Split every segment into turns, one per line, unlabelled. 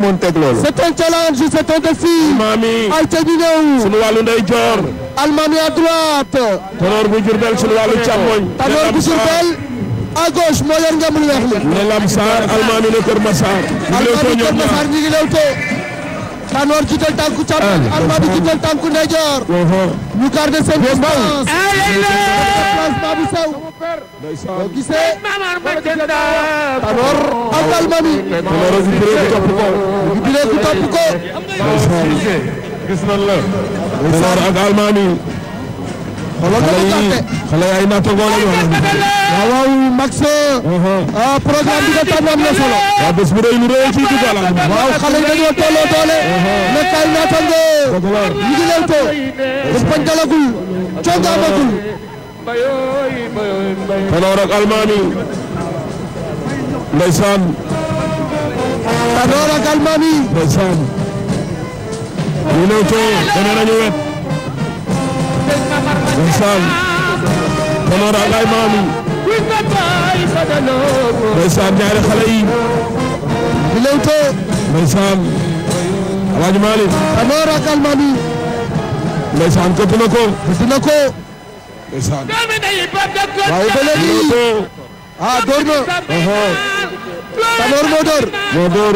moon teg loolu c'est un challenge c'est un défi maami ay ca ñu ñëw sunu wàllu ndey joor a à droite tanoor bu jurbel sunu wàllu càmmoñ tanoor bu jurbel à gauche moo yor ngembul weex li ne lam ne kër masaar almaami kër masaar ñi ngi lewtoo Tanor jiital tànku càmmoñ Armady jiital tànku ndeyjoor ñu garder seen distance placement bu sew boo gisee Tanor awgal mami reculer ku topp ko gis nañ la Tanor ak Almami xoolal nga ko tànte xale yi ay naataangoo la ñu wax. waaw waaw Max. Uh-huh. Ah, programme bi nga tànn am na solo. waaw bés bu rëy lu rëy ci dugg alhamdulilah. waaw xale yi dañoo tolloo doole. Uh-huh. nekk ay naataangoo. ñu ngi leen ko. bés bañ dalagul. coono amagul. Tanor ak Almaami. ndeysaan. Tanor ak ndeysaan honoré Baye Mamou ndeysaan ñaari xale yi di lewte ndeysaan Alaaji Malick honoré Kalmani ndeysaan këpp na ko këpp na ko ndeysaan waaw ba léegi ah door na Tanor moo door moo door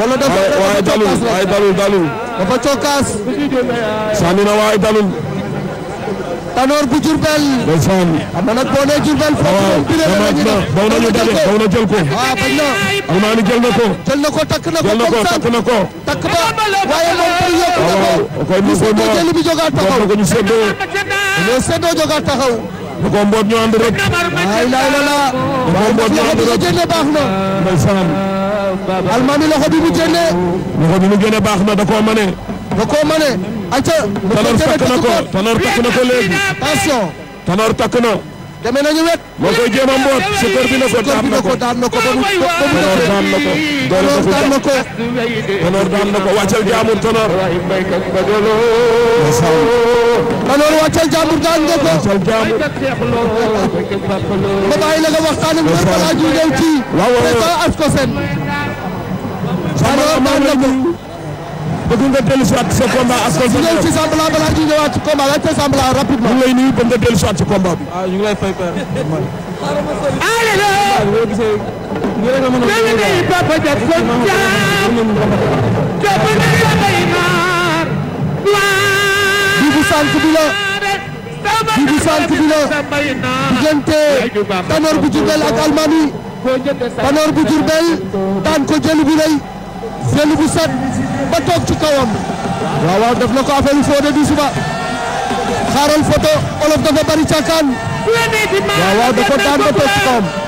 wala dafa waaye dalul waaye dalul dalul dafa cokkaas sànni na waaye dalul Tanor bu Diourbel. ndeysaan. xam nga nag boo nee Diourbel. waaw damaa daw na ñu daje daw na jël ko. waaw bañ na. Almaami jël na ko. jël na ko takk na ko comme ça takk na ko. takk ba waaye moom pour yokku na ko. Ah, waaw kay mu soog a jëli bi jógaat taxaw. waaw ko ñu séddoo. ñu séddoo jógaat taxaw. bu ko mboot ñu ànd rek. waay laay la laa. bu ko mboot ñu ànd rek waaye baax na. ndeysaan. Almaami loxo bi mu génnee. loxo bi mu génnee baax na da koo mane. da koo mane. acca Tanor takk na ko Tanor takk na ko léegi. attention. Tanor takk na. deme nañu wet. moo koy jéem a mboot. sukkur bi na ko daan na ko daan na ko ba mu daan na ko. Tanor daan na ko wàccal jaamur Tanor. Tanor wàccal jaamur daan na ko. wàccal jaamur. ba bàyyi la nga waxtaan ak mbir balaa ñuy ñëw ci. waaw waaw président Ascosen. Tanor daan na ko. bëgg nga dellu si waat sa combat ak Kolda. ñëw si Sambala balaa ñuy ñëwaat si combat laajte Sambala rapidement. ñu ngi lay nuyu bëgg nga dellu si waat si combat bi. waaw ñu ngi lay fay père. di bu sant bi la. di bu sant bi la. diggante Tanor bu Diourbel ak Almami. Tanor bu Diourbel daan ko jël bu rëy. jëli bu set ba toog ci kawam. waaw waaw def na ko affaire Fodé Doussouba xaaral photo olof dafa bari càkkaan. waaw dafa daan ba toog ci kawam.